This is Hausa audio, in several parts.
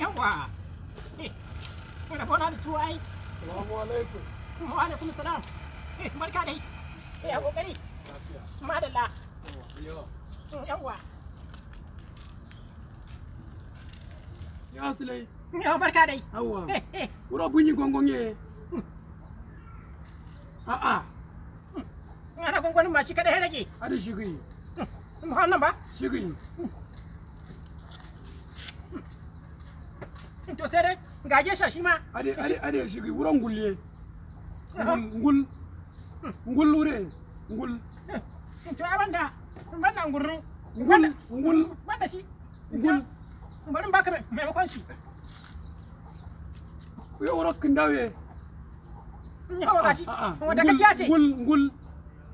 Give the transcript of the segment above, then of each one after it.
yawa eh rabona da tuwa ai assalamu alaikum wa alaikum salam eh barka dai eh a kokari madalla yawa mm, ya sulai ya barka dai yawa wura eh, eh. bunyi gongonye mm. a'a mm. ana gongonin ba shi kada ya rage a da shi gani ba wannan ba shi gani to sai dai shashi ma ade ade ade shi wuro ngulle ngul ngul lure ngul to abanda banda ngurru ngul ngul banda shi ngul bari baka maimakon shi ku yi wuro kin dawe yawa gashi ah, ah, ah. wanda kake ngul ngul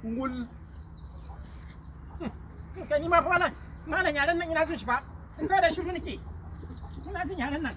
ngul kai ni ma fa malam malam yaran nan ina jin shi fa in kai da ina jin nan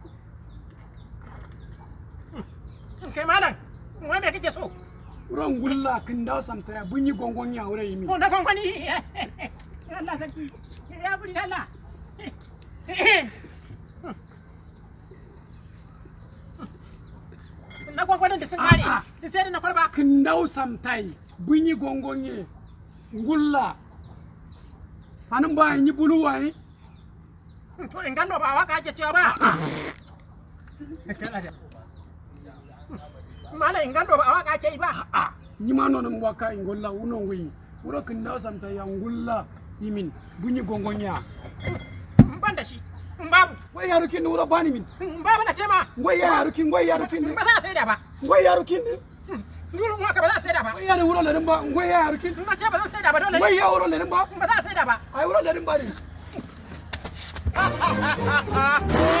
kai malam wai me kake so ran gulla kin da santara bun yi gongon ya wure yimi ko oh, na gongoni Allah saki ya buri Allah na gwagwadon da sun kare da sai da na kwarba kin da samtai bun yi gongonye gulla ba yin bulu buluwaye to in gando ba waka ke cewa ba ingallo ba awaka ce ba a ah. ni ma nonon waka ingolla uno ngui wuro kin na samta yangulla imin bunyi gongonya mbanda shi mbabu babu wai yaro kin wuro bani min mbabu na ce ma wai yaro kin wai yaro kin ba za sai da ba wai yaro kin Duro mo ka ba za sai da ba. Wai yaro wuro lerin ba, wai yaro kin. Ba ce ba za sai da ba dole. Wai yaro wuro lerin ba. Ba za sai da ba. Ai wuro lerin ba ne.